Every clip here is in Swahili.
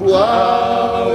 우와.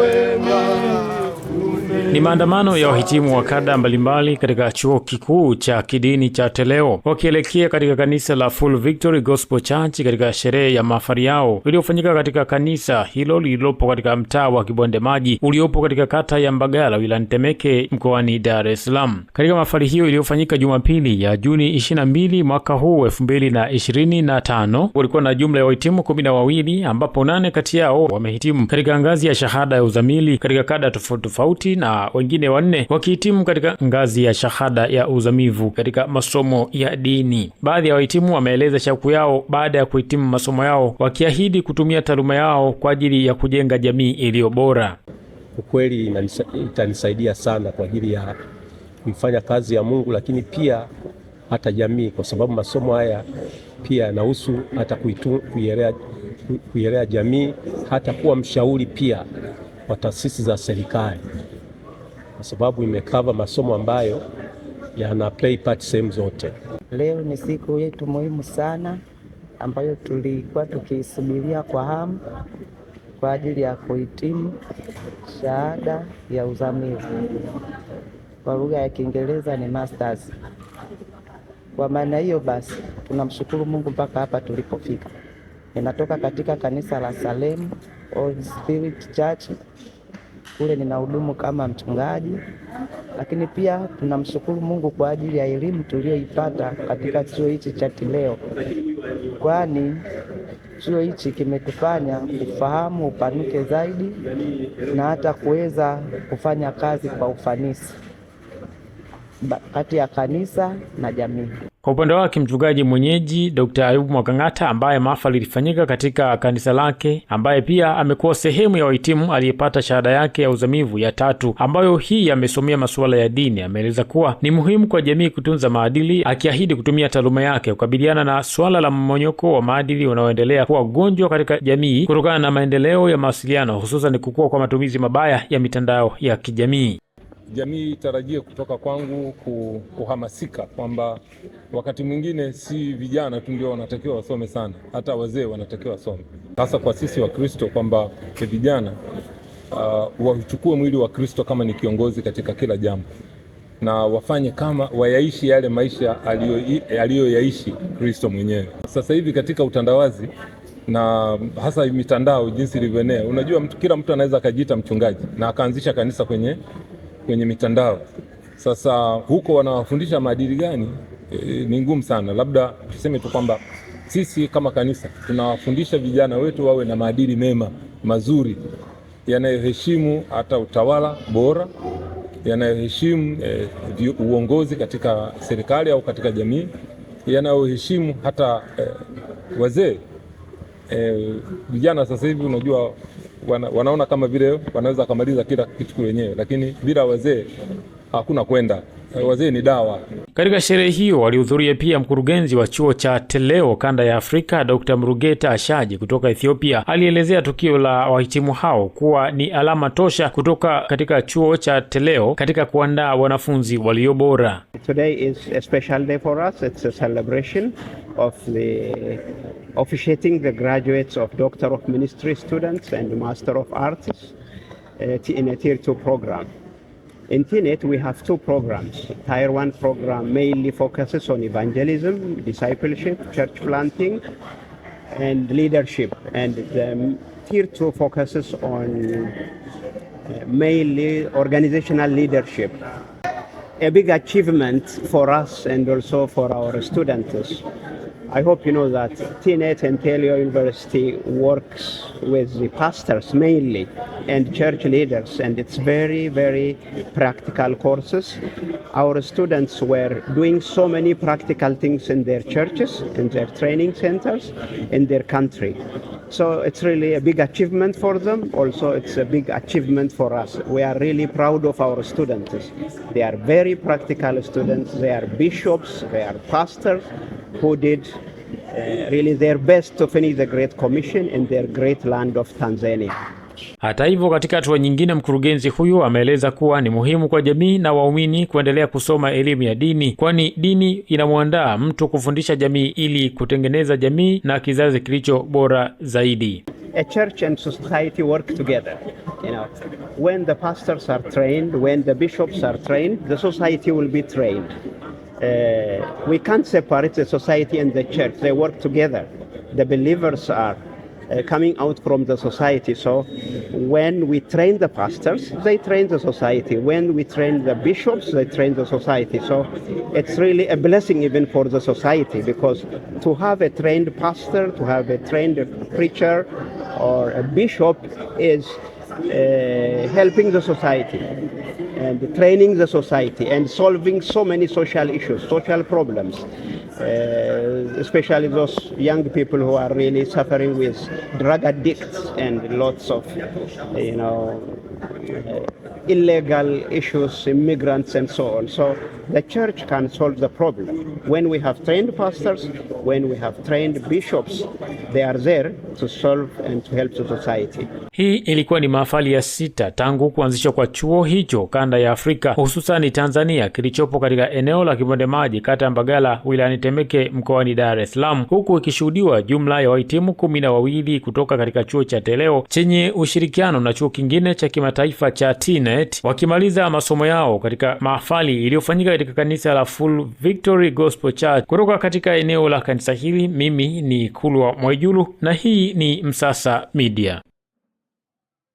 Ni maandamano ya wahitimu wa kada mbalimbali katika chuo kikuu cha kidini cha Teleo wakielekea katika kanisa la Full Victory Gospel Church katika sherehe ya mafari yao iliyofanyika katika kanisa hilo lililopo katika mtaa wa Kibonde Maji uliopo katika kata ya Mbagala wilayani Temeke mkoani Dar es Salaam. Katika mahafali hiyo iliyofanyika Jumapili ya Juni 22 mwaka huu 2025, walikuwa na jumla ya wahitimu kumi na wawili ambapo nane kati yao wamehitimu katika ngazi ya shahada ya uzamili katika kada tofauti tofauti na wengine wanne wakihitimu katika ngazi ya shahada ya uzamivu katika masomo ya dini. Baadhi ya wahitimu wameeleza shauku yao baada ya kuhitimu masomo yao, wakiahidi kutumia taaluma yao kwa ajili ya kujenga jamii iliyo bora. Ukweli itanisaidia sana kwa ajili ya kuifanya kazi ya Mungu, lakini pia hata jamii, kwa sababu masomo haya pia yanahusu hata kuielea jamii, hata kuwa mshauri pia wa taasisi za serikali kwa sababu imekava masomo ambayo yana play part sehemu zote. Leo ni siku yetu muhimu sana ambayo tulikuwa tukisubiria kwa hamu kwa ajili ya kuhitimu shahada ya uzamivu kwa lugha ya Kiingereza ni masters. Kwa maana hiyo basi, tunamshukuru Mungu mpaka hapa tulipofika. Ninatoka katika kanisa la Salem Old Spirit Church kule ninahudumu kama mchungaji, lakini pia tunamshukuru Mungu kwa ajili ya elimu tuliyoipata katika chuo hichi cha Tileo, kwani chuo hichi kimetufanya kufahamu upanuke zaidi na hata kuweza kufanya kazi kwa ufanisi kati ya kanisa na jamii. Kwa upande wake mchungaji mwenyeji Dr. Ayubu Mwakang'ata ambaye maafa lilifanyika katika kanisa lake, ambaye pia amekuwa sehemu ya wahitimu aliyepata shahada yake ya uzamivu ya tatu, ambayo hii amesomea masuala ya dini, ameeleza kuwa ni muhimu kwa jamii kutunza maadili, akiahidi kutumia taaluma yake kukabiliana na suala la mmonyoko wa maadili unaoendelea kuwa gonjwa katika jamii kutokana na maendeleo ya mawasiliano, hususan kukua kwa matumizi mabaya ya mitandao ya kijamii jamii itarajie kutoka kwangu kuhamasika kwamba wakati mwingine si vijana tu ndio wanatakiwa wasome sana, hata wazee wanatakiwa wasome, hasa kwa sisi wa Kristo kwamba vijana uh, wachukue mwili wa Kristo kama ni kiongozi katika kila jambo na wafanye kama wayaishi yale maisha aliyoyaishi Kristo mwenyewe. Sasa hivi katika utandawazi na hasa mitandao jinsi ilivyoenea, unajua mtu, kila mtu anaweza akajiita mchungaji na akaanzisha kanisa kwenye kwenye mitandao. Sasa huko wanawafundisha maadili gani? E, ni ngumu sana. Labda tuseme tu kwamba sisi kama kanisa tunawafundisha vijana wetu wawe na maadili mema mazuri yanayoheshimu hata utawala bora yanayoheshimu e, uongozi katika serikali au katika jamii yanayoheshimu hata e, wazee. E, vijana sasa hivi unajua wana, wanaona kama vile wanaweza kumaliza kila kitu wenyewe, lakini bila wazee hakuna kwenda. Eh, wazee ni dawa. Katika sherehe hiyo walihudhuria pia mkurugenzi wa chuo cha Teleo kanda ya Afrika, Dr. Mrugeta Ashaji kutoka Ethiopia. Alielezea tukio la wahitimu hao kuwa ni alama tosha kutoka katika chuo cha Teleo katika kuandaa wanafunzi walio bora. Today is a special day for us. It's a celebration of the officiating the graduates of Doctor of Ministry students and Master of Arts eh, in a tier 2 program. In TNET, we have two programs. Tier 1 program mainly focuses on evangelism, discipleship, church planting, and leadership. And the Tier 2 focuses on uh, mainly organizational leadership. A big achievement for us and also for our students I hope you know that TNET and Teleo University works with the pastors mainly and church leaders, and it's very, very practical courses. Our students were doing so many practical things in their churches, in their training centers, in their country. So it's really a big achievement for them. Also, it's a big achievement for us. We are really proud of our students. They are very practical students. They are bishops, they are pastors, who did uh, really their best to finish the Great Commission in their great land of Tanzania. Hata hivyo, katika hatua nyingine, mkurugenzi huyu ameeleza kuwa ni muhimu kwa jamii na waumini kuendelea kusoma elimu ya dini, kwani dini inamwandaa mtu kufundisha jamii ili kutengeneza jamii na kizazi kilicho bora zaidi. A church and society work together. You know, when the pastors are trained, when the bishops are trained, the society will be trained. uh, we can't separate the society and the church. They work together. The believers are uh, coming out from the society. So when we train the pastors, they train the society. When we train the bishops, they train the society. So it's really a blessing even for the society because to have a trained pastor, to have a trained preacher or a bishop is uh, helping the society and training the society and solving so many social issues, social problems. uh, especially those young people who are really suffering with drug addicts and lots of, you know, uh, illegal issues, immigrants and so on. So the church can solve the problem. When we have trained pastors, when we have trained bishops, they are there to solve and to help the society. Hii ilikuwa ni mahafali ya sita tangu kuanzishwa kwa chuo hicho kanda ya Afrika, hususani Tanzania, kilichopo katika eneo la Kibonde Maji, kata ya Mbagala, wilayani Temeke mkoani Dar es Salaam, huku ikishuhudiwa jumla ya wahitimu kumi na wawili kutoka katika chuo cha Teleo chenye ushirikiano na chuo kingine cha kimataifa cha TNET wakimaliza masomo yao katika mahafali iliyofanyika katika kanisa la Full Victory Gospel Church kutoka katika eneo la kanisa hili. Mimi ni Kulwa Mwaijulu na hii ni Msasa Media.